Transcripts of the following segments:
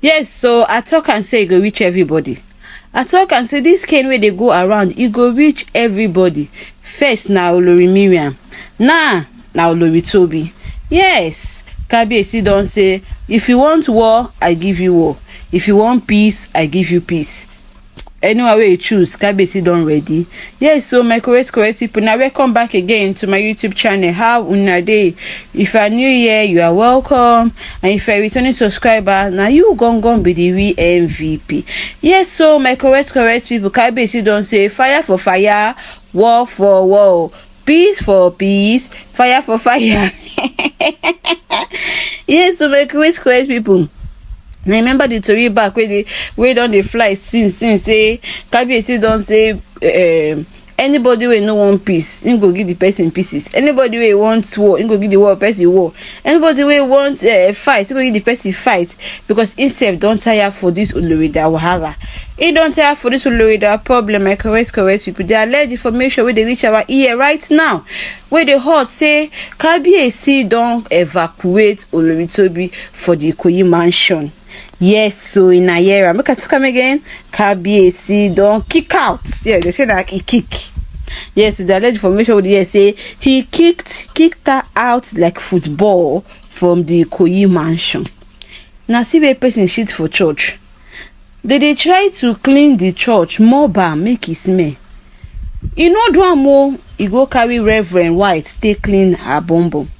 yes so i talk and say e go reach everybody i talk and say this cane wey dey go around e go reach everybody first na olori miriam now na olori tobi yes kabiyesi don say if you want war i give you war if you want peace i give you peace anywhere wey you choose kabesi don ready yes so my correct correct people na welcome back again to my youtube channel how una dey if you are new here you are welcome and if you are returning subscriber na you gangan be the real mvp yes so my correct correct people kabesi don say fire for fire war for war peace for peace fire for fire yes so my correct correct people remember the tori back wey dey wey don dey fly since since say eh, kabiyesi don say um, anybody wey no wan peace im go give the person pieces anybody wey want war im go give the war person war anybody wey want uh, fight im go give the person fight because im sef don tire for this olorida wahala e don tire for this olorida problem i correct correct people dey alleged information wey dey reach our ear right now wey dey hot say kabiyesi don evacuate oloritobi for the ikoyi mansion Yes, so in Ayera, make us come again. Kabiesi don kick out. Yeah, they say that he kick. Yes, the alleged information would hear say he kicked kicked her out like football from the Koyi mansion. Na see where person shit for church. They dey try to clean the church more bam make e smell. E no do am o, e go carry Reverend White take clean her bum bum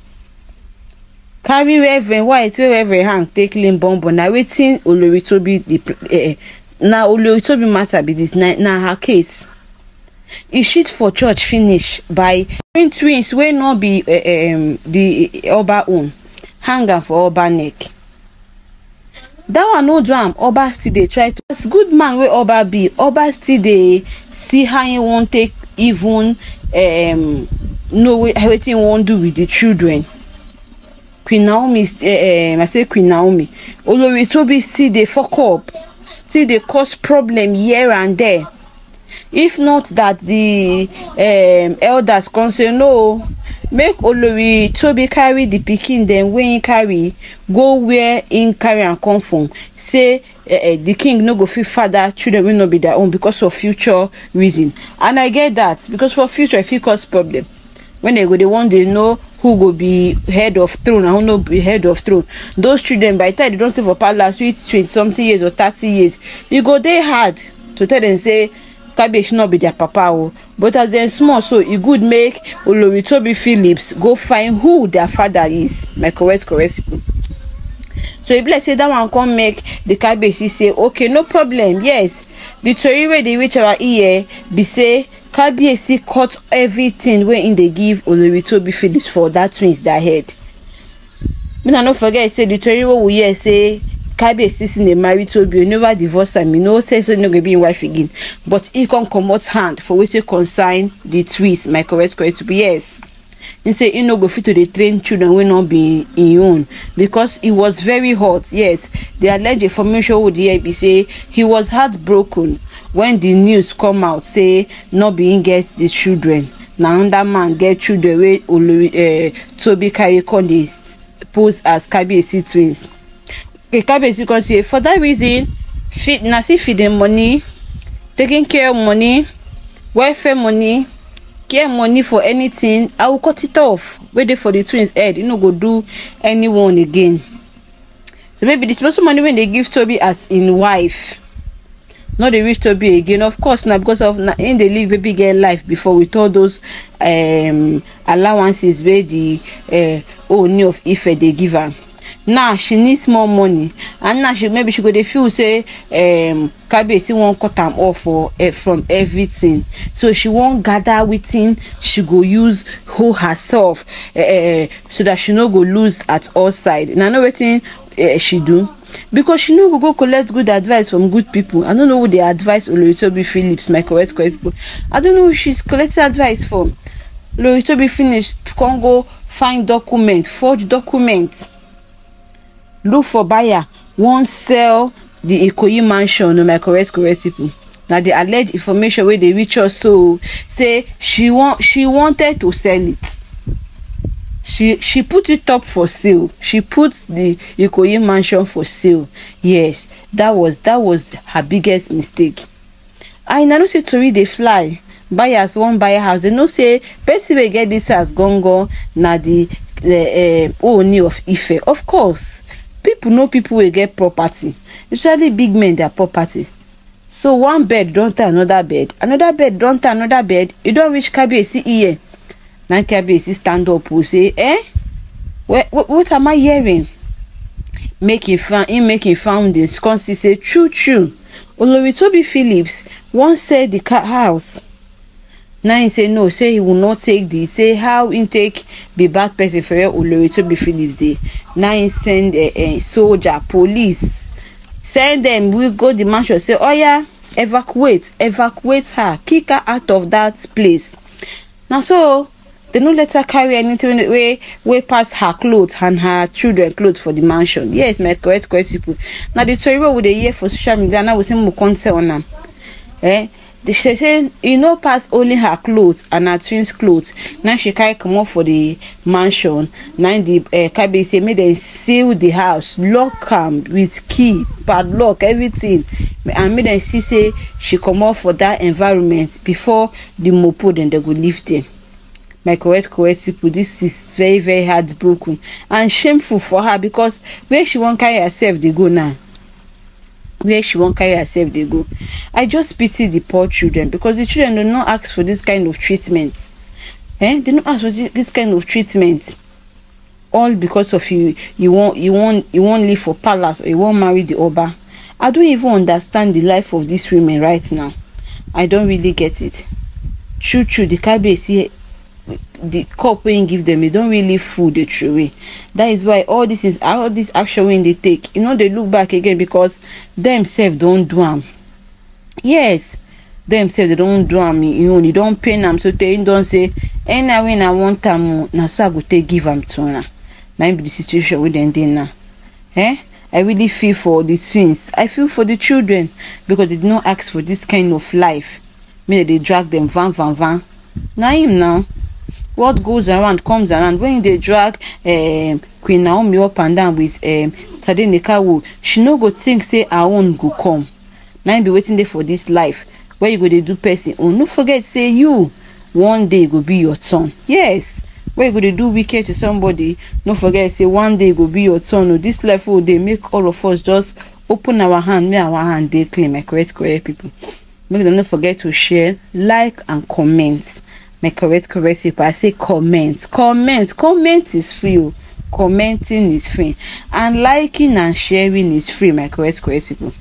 carry reverend white wey reverend hang take clean bonbon na wetin olori tobi dey eh, na olori tobi matter be dis na, na her case e shit for church finish by twin twins wey no be uh, um, the oba own hang am for oba neck that one no do am oba still dey try to as good man wey oba be oba still dey see how im wan take even um, know wetin im wan do with the children queen naomi eh, eh, i say queen naomi olori tobi still dey fok up still dey cause problem here and there if not that the um, elders come say no make olori tobi carry the pikin dem wey him carry go where him carry am come from say uh, uh, the king no go fit father children wey no be their own because of future reason and i get that because for future e fit cause problem when they go dey wan dey know who go be head of throne and who no be head of throne those children by the time they don stay for palace reach twenty something years or thirty years e go dey hard to tell them say kabiyesi no be their papa o but as dem small so e good make olori phillips go find who their father is my correct correct people so e be like say that one come make the kabiyesi say okay no problem yes the tori wey dey reach our ear be say kabiyesi cut everything wey im dey give olori tobi phillips for dat twins dat head make una no forget say the tori wey we hear say kabiyesi sin dey marry tobi o never divorce am e no say so e no go be im wife again but e come comot hand for wetin concern the twins my correct correct to be yes. He say he no go fit to dey train children wey no be im own because e was very hot yes the alleged information wey di air be say he was heartbroken when the news come out say no be im get the children na another man get children wey olori uh, eh, tobi carry come dey pose as kabiyesi twins okay, eh, kabiyesi come say for that reason feed na still feeding money taking care of money welfare money get money for anything i will cut it off wey dey for the twins eh, head e no go do anyone again so maybe the small small money wey dey give Toby as im wife no dey reach Toby again of course na because of na im dey live baby girl life before with all those um, allowances wey the uh, eh, ooni of ife dey give am now she needs more money and now she maybe she go dey feel say um, kabiyesi wan cut am off for uh, from everything so she wan gather wetin she go use hold herself uh, so that she no go lose at all side na know wetin uh, she do because she no go go collect good advice from good people i no know who dey advise oloritobi phillips my correct correct people i don't know who she's collecting advice from oloritobi finish come go find document forge document look for buyer wan sell di ikoyi mansion o my correct correct pipo na di alleged information wey dey reach us so say she wan she wanted to sell it she she put it up for sale she put the ikoyi mansion for sale yes that was that was her biggest mistake I una know say tori dey fly buyers wan buy house dem know say person wey get this house gangan na the the eh, uh, ooni of ife of course people know people wey get property Usually, big men their property so one bed don turn another bed. another bed don turn another bed. e don reach kabiyesi ear na kabiyesi stand up o say eh what, what, am i hearing make im found im make im foundings come see say true true olori tobi phillips wan sell di house Now he say no say he will not take the say how he take be bad person fere olori tobi phillips dey Now he send a uh, eh, eh, soldier police send dem we go the mansion say oya oh, yeah, evacuate evacuate her kick her out of that place na so they no let her carry anything wey wey pass her cloth and her children cloth for the mansion yes my correct correct people na the tori wey we dey hear for social media now we say mo come tell una eh she say e no pass only her clothes and her twins clothes na she carry comot for the mansion na the uh, say make dem seal the house lock am with key padlock everything and make dem see say she comot for that environment before the mopo dem dey go leave there my correct correct people this is very very heartbroken and shameful for her because where she wan carry herself dey go now where she wan carry herself dey go i just pity the poor children because the children do not ask for this kind of treatment eh they no ask for this kind of treatment all because of you you wan you wan you wan live for palace or you wan marry the oba i don't even understand the life of these women right now i don really get it true true the here the cup wey give dem e don really full dey throway that is why all this is all this action wey him dey take you no dey look back again because dem sef don do am yes dem sef dey don do am im own e don pain am so tey im don say "Any wey na want am o oh, na so i go take give am to una na im be the situation wey dem dey now eh i really feel for the twins i feel for the children because they no ask for this kind of life make dem dey drag dem van van van na him now what goes around comes around when you dey drag um, queen naomi up and down with um, tadeneka wo she no go think say her own go come na be wetin dey for dis life where you go dey do person own oh, no forget say you one day go be your turn yes where you go dey do wicked to somebody no forget say one day go be your turn o oh, this life o oh, dey make all of us just open our hand make our hand dey clean my correct correct people make dem no forget to share like and comment my correct correct people i say comment comment comment is free o oh. commenting is free and liking and sharing is free my correct correct people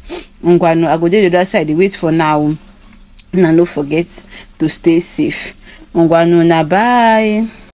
ngwanu i go dey the other side wait for now And no forget to stay safe ngwanu na bye.